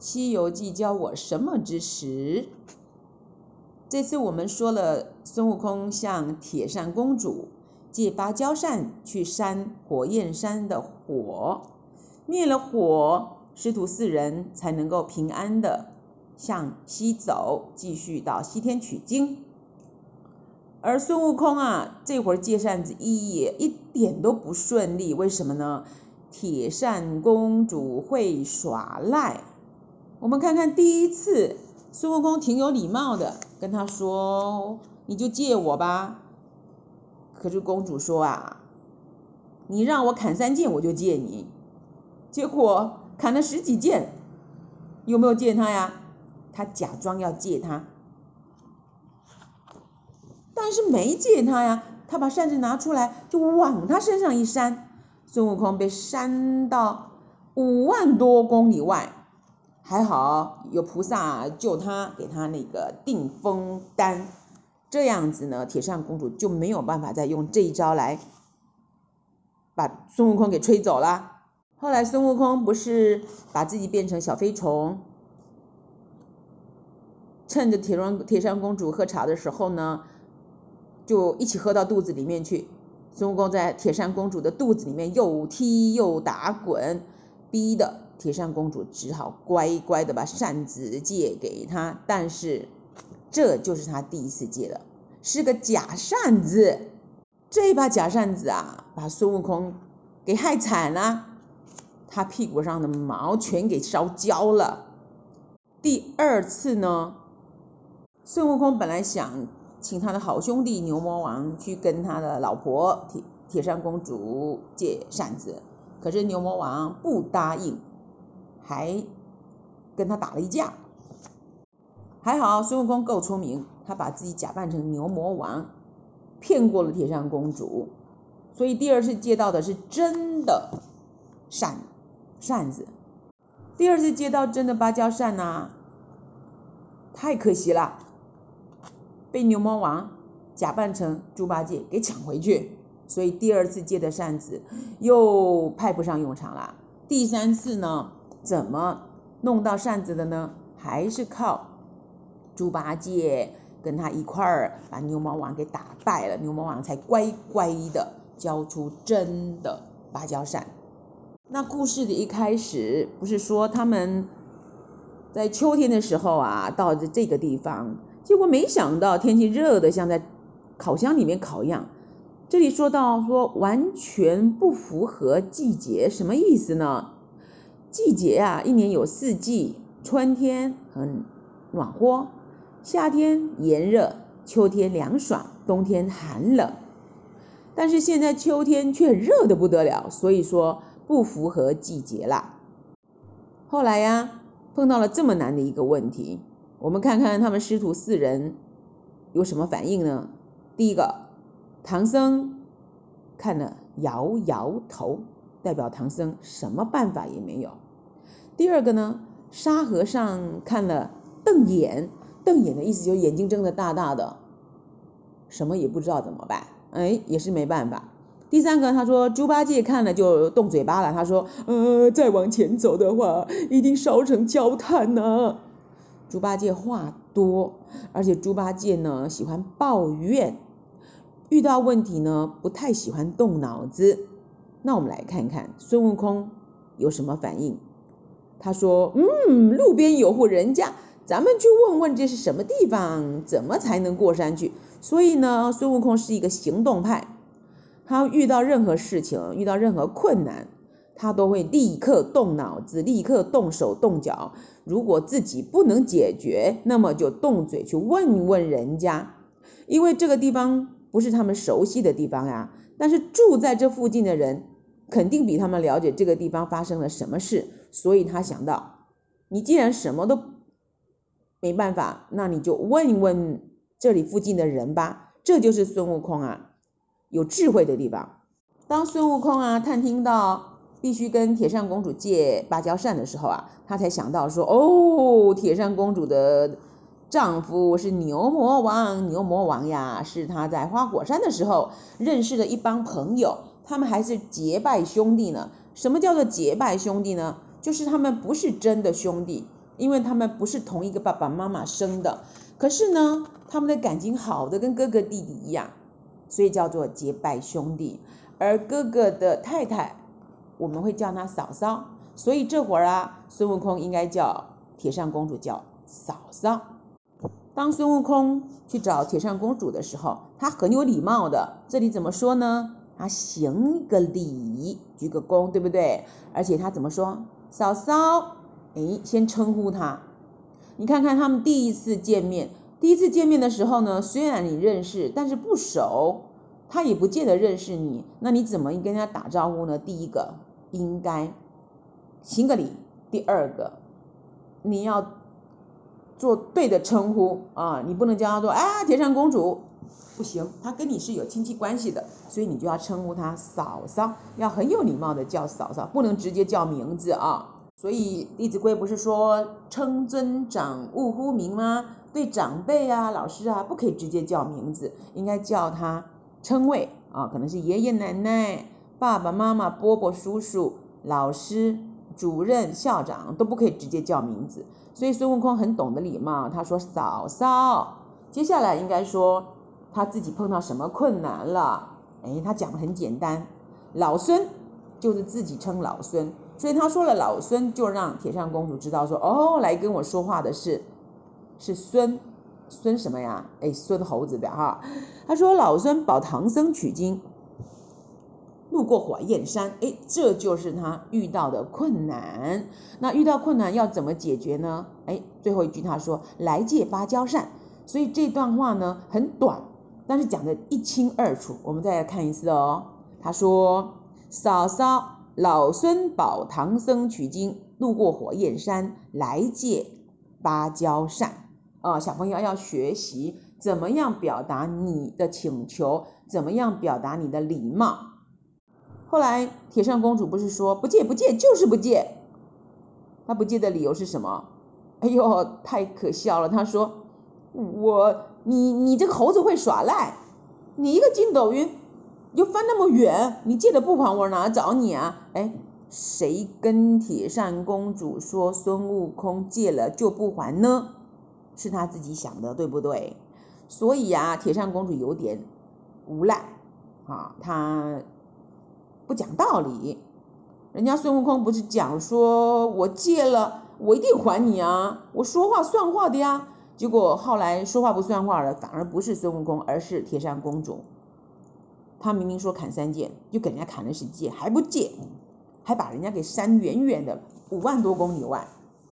《西遊記》教我什麼知識？這次我們說了，孫悟空向鐵扇公主借芭蕉扇去扇火焰山的火，滅了火，師徒四人才能夠平安的向西走，繼續到西天取經。而孫悟空啊，這會兒借扇子一也一點都不順利，為什麼呢？鐵扇公主會耍賴。我們看看第一次，孫悟空挺有禮貌的，跟他說：“你就借我吧。”可是公主說啊：“你讓我砍三劍，我就借你。”結果砍了十幾劍，有沒有借他呀？他假裝要借他，但是沒借他呀。他把扇子拿出來，就往他身上一扇，孫悟空被扇到五萬多公里外。還好有菩薩救他，給他那個定風丹，這樣子呢，鐵扇公主就沒有辦法再用這一招來把孫悟空給吹走了。後來孫悟空不是把自己變成小飛蟲，趁着鐵扇鐵扇公主喝茶的時候呢，就一起喝到肚子裡面去。孫悟空在鐵扇公主的肚子裡面又踢又打滾，逼得。鐵扇公主只好乖乖的把扇子借給他，但是這就是他第一次借的，是個假扇子。這把假扇子啊，把孫悟空給害慘了啊，他屁股上的毛全給燒焦了。第二次呢，孫悟空本來想請他的好兄弟牛魔王去跟他的老婆鐵鐵扇公主借扇子，可是牛魔王不答應。還跟他打了一架，還好孫悟空夠聰明，他把自己假扮成牛魔王，騙過了鐵扇公主，所以第二次借到的是真的扇扇子。第二次借到真的芭蕉扇吶、啊，太可惜了，被牛魔王假扮成豬八戒給搶回去，所以第二次借的扇子又派不上用場了。第三次呢？怎麼弄到扇子的呢？還是靠豬八戒跟他一塊兒把牛魔王給打敗了，牛魔王才乖乖的交出真的芭蕉扇。那故事的一開始不是說他們在秋天的時候啊，到了這個地方，結果沒想到天氣熱得像在烤箱裡面烤一樣。這裡說到說完全不符合季節，什麼意思呢？季節啊，一年有四季，春天很暖和，夏天炎熱，秋天涼爽，冬天寒冷。但是現在秋天卻熱得不得了，所以說不符合季節啦。後來呀，碰到了這麼難的一個問題，我們看看他們師徒四人有什麼反應呢？第一個，唐僧看了搖搖頭。代表唐僧什麼辦法也沒有。第二個呢，沙和尚看了瞪眼，瞪眼的意思就是眼睛睜得大大的，什麼也不知道怎麼辦，哎，也是沒辦法。第三個，他說豬八戒看了就動嘴巴了，他說，呃，再往前走的話，一定燒成焦炭了啊。豬八戒話多，而且豬八戒呢喜歡抱怨，遇到問題呢不太喜歡動腦子。那我們來看看孫悟空有什麼反應。他說：“嗯，路邊有戶人家，咱們去問問這是什麼地方，怎麼才能過山去？”所以呢，孫悟空是一個行動派。他遇到任何事情，遇到任何困難，他都會立刻動腦子，立刻動手動腳。如果自己不能解決，那麼就動嘴去問問人家，因為這個地方不是他們熟悉的地方呀、啊。但是住在這附近的人，肯定比他們了解這個地方發生了什麼事，所以他想到，你既然什麼都沒辦法，那你就問一問這裡附近的人吧。這就是孫悟空啊，有智慧的地方。當孫悟空啊探聽到必須跟鐵扇公主借芭蕉扇的時候啊，他才想到說，哦，鐵扇公主的丈夫是牛魔王，牛魔王呀，是他在花果山的時候認識的一幫朋友。他們還是結拜兄弟呢？什麼叫做結拜兄弟呢？就是他們不是真的兄弟，因為他們不是同一個爸爸媽媽生的。可是呢，他們的感情，好的跟哥哥弟弟一樣，所以叫做結拜兄弟。而哥哥的太太，我們會叫她嫂嫂。所以這會兒啊，孫悟空應該叫鐵扇公主叫嫂嫂。當孫悟空去找鐵扇公主的時候，他很有禮貌的。這裡怎麼說呢？啊，行個禮，鞠個躬，對不對？而且他怎麼說？嫂嫂，哎，先稱呼他。你看看他們第一次見面，第一次見面的時候呢，雖然你認識，但是不熟，他也不見得認識你。那你怎麼跟他打招呼呢？第一個，應該行個禮；第二個，你要做對的稱呼啊，你不能叫他做哎、啊，鐵扇公主。不行，他跟你是有親戚關係的，所以你就要稱呼他嫂嫂，要很有禮貌地叫嫂嫂，不能直接叫名字啊。所以《弟子規》不是說稱尊長，勿呼名嗎？對長輩啊、老師啊，不可以直接叫名字，應該叫他稱謂啊，可能是爺爺奶奶、爸爸媽媽、伯伯叔叔、老師、主任、校長都不可以直接叫名字。所以孫悟空很懂得禮貌，他說嫂嫂，接下來應該說。他自己碰到什麼困難了？哎，他講的很簡單，老孫就是自己稱老孫，所以他說了老孫，就讓鐵扇公主知道說，哦，來跟我說話的是，是孫，孫什麼呀？哎，孫猴子的哈。他說老孫保唐僧取經，路過火焰山，哎，這就是他遇到的困難。那遇到困難要怎麼解決呢？哎，最後一句他說來借芭蕉扇。所以這段話呢很短。但是講得一清二楚，我們再來看一次哦。他說：“嫂嫂，老孫保唐僧取經，路過火焰山，來借芭蕉扇。”呃，小朋友要學習怎麼樣表達你的請求，怎麼樣表達你的禮貌。後來鐵扇公主不是說不借不借，就是不借。她不借的理由是什麼？哎呦，太可笑了！她說：“我。”你你這個猴子會耍賴，你一個筋斗雲，又翻那麼遠，你借了不還，我哪找你啊？哎，誰跟鐵扇公主說孫悟空借了就不還呢？是他自己想的，對不對？所以啊，鐵扇公主有點無賴啊，她不講道理。人家孫悟空不是講說，我借了我一定還你啊，我說話算話的呀。結果後來說話不算話了，反而不是孫悟空，而是鐵扇公主。她明明說砍三劍，就給人家砍了十幾劍，還不借，還把人家給扇遠遠的五萬多公里外。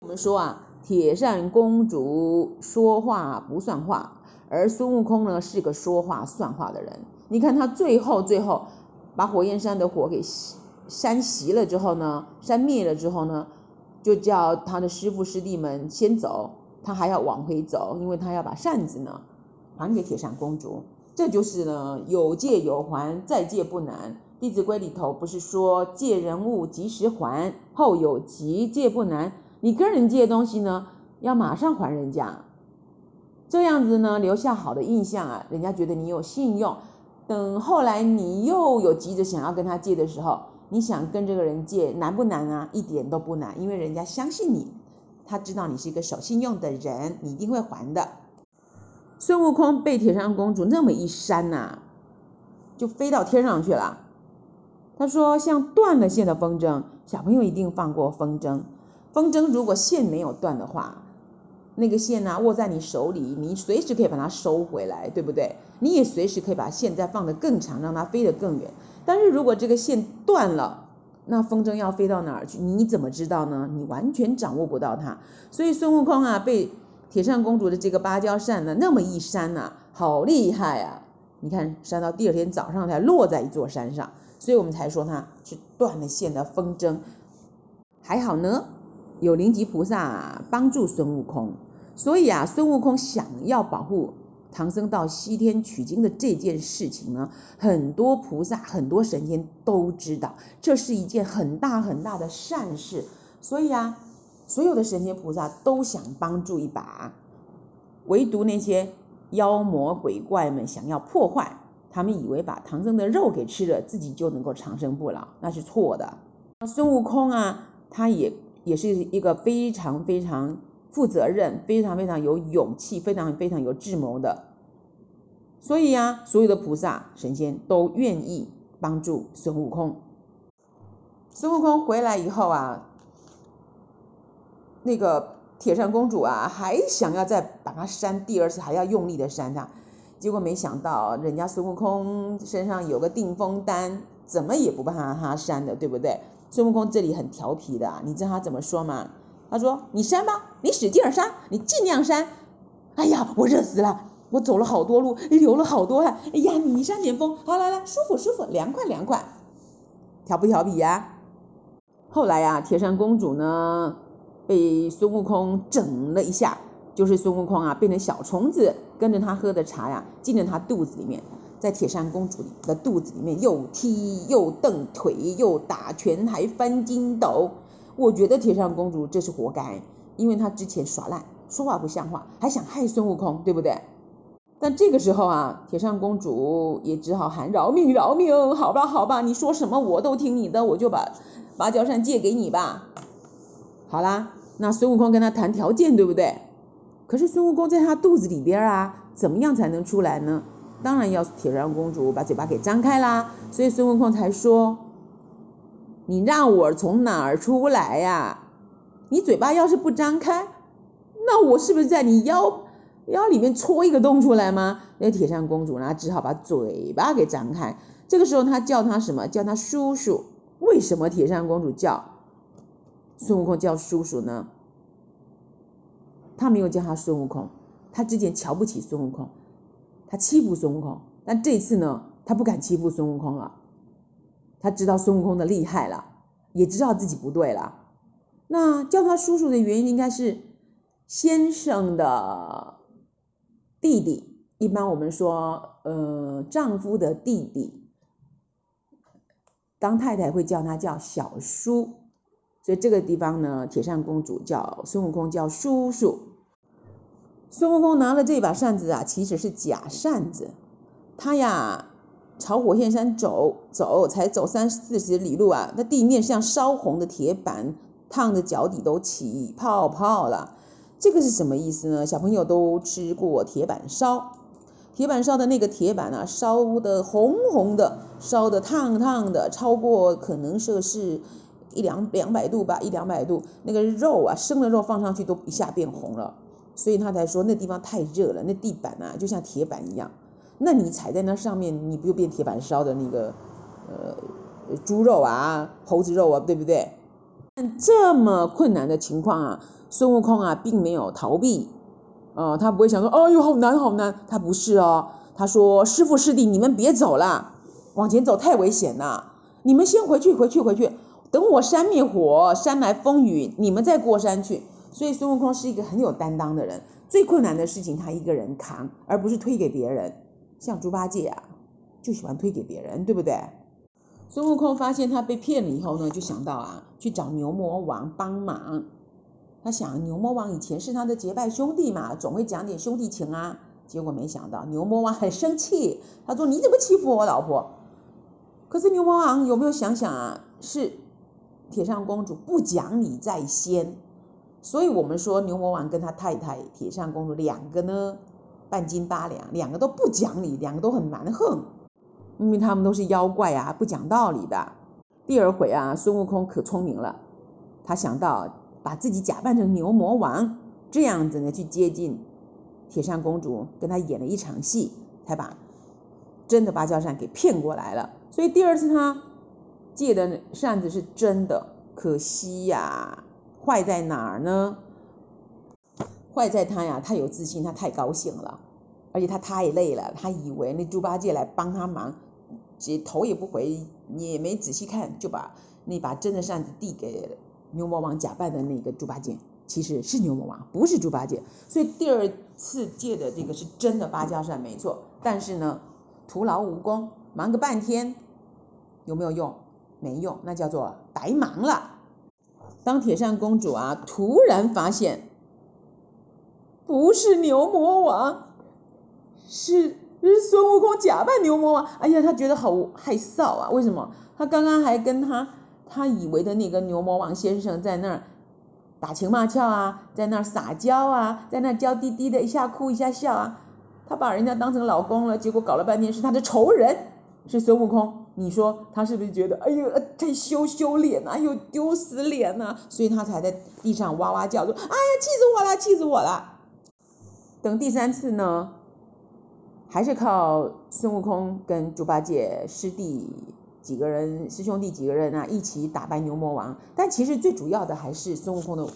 我們說啊，鐵扇公主說話不算話，而孫悟空呢是個說話算話的人。你看他最後最後把火焰山的火給扇熄了之後呢，扇滅了之後呢，就叫他的師父師弟們先走。他還要往回走，因為他要把扇子呢還、啊、給鐵扇公主。這就是呢有借有還，再借不難。《弟子規》裡頭不是說借人物，及時還，後有急，借不難。你跟人借東西呢，要馬上還人家，這樣子呢留下好的印象啊，人家覺得你有信用。等後來你又有急着想要跟他借的時候，你想跟這個人借，難不難啊？一點都不難，因為人家相信你。他知道你是一個守信用的人，你一定會還的。孫悟空被鐵扇公主那麼一扇吶啊，就飛到天上去了。他說像斷了線的風箏，小朋友一定放過風箏。風箏如果線沒有斷的話，那個線呢，握在你手裡，你隨時可以把它收回來，對不對？你也隨時可以把線再放得更長，讓它飛得更遠。但是如果這個線斷了，那風箏要飛到哪兒去？你怎麼知道呢？你完全掌握不到它。所以孫悟空啊，被鐵扇公主的這個芭蕉扇呢，那麼一扇吶啊，好厲害啊！你看，扇到第二天早上才落在一座山上。所以我們才說它是斷了線的風箏。還好呢，有靈吉菩薩幫助孫悟空。所以啊，孫悟空想要保護唐僧到西天取經的這件事情呢，很多菩薩、很多神仙都知道，這是一件很大很大的善事，所以啊，所有的神仙菩薩都想幫助一把，唯獨那些妖魔鬼怪們想要破壞，他們以為把唐僧的肉給吃了，自己就能夠長生不老，那是錯的。那孫悟空啊，他也也是一個非常非常負責任，非常非常有勇氣，非常非常有智謀的，所以呀、啊，所有的菩薩神仙都願意幫助孫悟空。孫悟空回來以後啊，那個鐵扇公主啊，還想要再把他扇第二次，還要用力的扇他，結果沒想到人家孫悟空身上有個定風丹，怎麼也不怕他扇的，對不對？孫悟空這裡很調皮的，你知道他怎麼說嗎？他說：“你扇吧，你使勁扇，你盡量扇。哎呀，我熱死了，我走了好多路，流了好多汗。哎呀，你扇點風，好，來來，舒服舒服，涼快涼快。調不調皮呀、啊？後來呀、啊，鐵扇公主呢，被孫悟空整了一下，就是孫悟空啊變成小蟲子，跟着他喝的茶呀、啊、進了他肚子裡面，在鐵扇公主的肚子裡面又踢又蹬腿，又打拳，還翻筋斗。”我覺得鐵扇公主這是活該，因為她之前耍賴，說話不像話，還想害孫悟空，對不對？但這個時候啊，鐵扇公主也只好喊饒命，饒命，好吧，好吧，你說什麼我都聽你的，我就把芭蕉扇借給你吧。好啦，那孫悟空跟他談條件，對不對？可是孫悟空在她肚子裡邊啊，怎麼樣才能出來呢？當然要鐵扇公主把嘴巴給張開啦，所以孫悟空才說。你讓我從哪兒出來呀、啊？你嘴巴要是不張開，那我是不是在你腰腰裡面戳一個洞出來嗎？那個、鐵扇公主呢？只好把嘴巴給張開。這個時候，他叫他什麼？叫他叔叔。為什麼鐵扇公主叫孫悟空叫叔叔呢？他沒有叫他孫悟空，他之前瞧不起孫悟空，他欺負孫悟空。但這次呢，他不敢欺負孫悟空了。他知道孫悟空的厲害了，也知道自己不對了。那叫他叔叔的原因應該是先生的弟弟，一般我們說，呃，丈夫的弟弟，當太太會叫他叫小叔。所以這個地方呢，鐵扇公主叫孫悟空叫叔叔。孫悟空拿了這把扇子啊，其實是假扇子，他呀。朝火焰山走走，才走三四十里路啊，那地面像燒紅的鐵板，燙的腳底都起泡泡了。這個是什麼意思呢？小朋友都吃過鐵板燒，鐵板燒的那個鐵板啊，燒得紅紅的，燒得燙燙的，超過可能攝氏，一兩兩百度吧，一兩百度，那個肉啊，生的肉放上去都一下變紅了。所以他才說那地方太熱了，那地板啊就像鐵板一樣。那你踩在那上面，你不就變鐵板燒的那個，呃，豬肉啊，猴子肉啊，對不對？但這麼困難的情況啊，孫悟空啊並沒有逃避，啊，他不會想說，哎呦，好難好難。他不是哦，他說，師父師弟你們別走了，往前走太危險了，你們先回去回去回去，等我扇滅火，扇來風雨，你們再過山去。所以孫悟空是一個很有擔當的人，最困難的事情他一個人扛，而不是推給別人。像豬八戒啊，就喜歡推給別人，對不對？孫悟空發現他被騙了以後呢，就想到啊，去找牛魔王幫忙。他想牛魔王以前是他的結拜兄弟嘛，總會講點兄弟情啊。結果沒想到牛魔王很生氣，他說你怎麼欺負我老婆？可是牛魔王有沒有想想啊？是鐵扇公主不講理在先，所以我們說牛魔王跟他太太鐵扇公主兩個呢。半斤八兩，兩個都不講理，兩個都很蠻橫，因為他們都是妖怪啊，不講道理的。第二回啊，孫悟空可聰明了，他想到把自己假扮成牛魔王，這樣子呢，去接近鐵扇公主，跟他演了一場戲，才把真的芭蕉扇給騙過來了。所以第二次他借的扇子是真的，可惜呀，壞在哪兒呢？壞在他呀，他有自信，他太高興了，而且他太累了。他以為那豬八戒來幫他忙，這頭也不回，你也沒仔細看，就把那把真的扇子遞給牛魔王假扮的那個豬八戒，其實是牛魔王，不是豬八戒。所以第二次借的這個是真的芭蕉扇，沒錯。但是呢，徒勞無功，忙個半天，有沒有用？沒用，那叫做白忙了。當鐵扇公主啊，突然發現。不是牛魔王是，是孫悟空假扮牛魔王。哎呀，他覺得好害臊啊！為什麼？他剛剛還跟他，他以為的那個牛魔王先生在那兒打情罵俏啊，在那兒撒嬌啊，在那兒嬌滴滴的一下哭一下笑啊。他把人家當成老公了，結果搞了半天是他的仇人，是孫悟空。你說他是不是覺得哎呦，太羞羞臉了，又、哎、丟死臉吶，所以他才在地上哇哇叫着，哎呀，氣死我了，氣死我了！等第三次呢，還是靠孫悟空跟豬八戒師弟幾個人，師兄弟幾個人啊，一起打敗牛魔王。但其實最主要的還是孫悟空的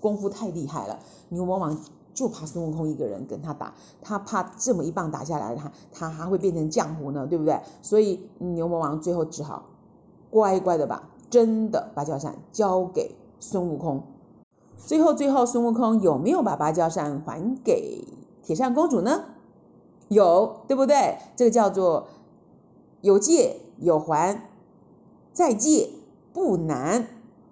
功夫太厲害了，牛魔王就怕孫悟空一個人跟他打，他怕這麼一棒打下來，他他還會變成漿糊呢，對不對？所以牛魔王最後只好乖乖的把真的芭蕉扇交給孫悟空。最後，最後，孫悟空有沒有把芭蕉扇還給鐵扇公主呢？有，對不對？這個叫做有借有還，再借不難。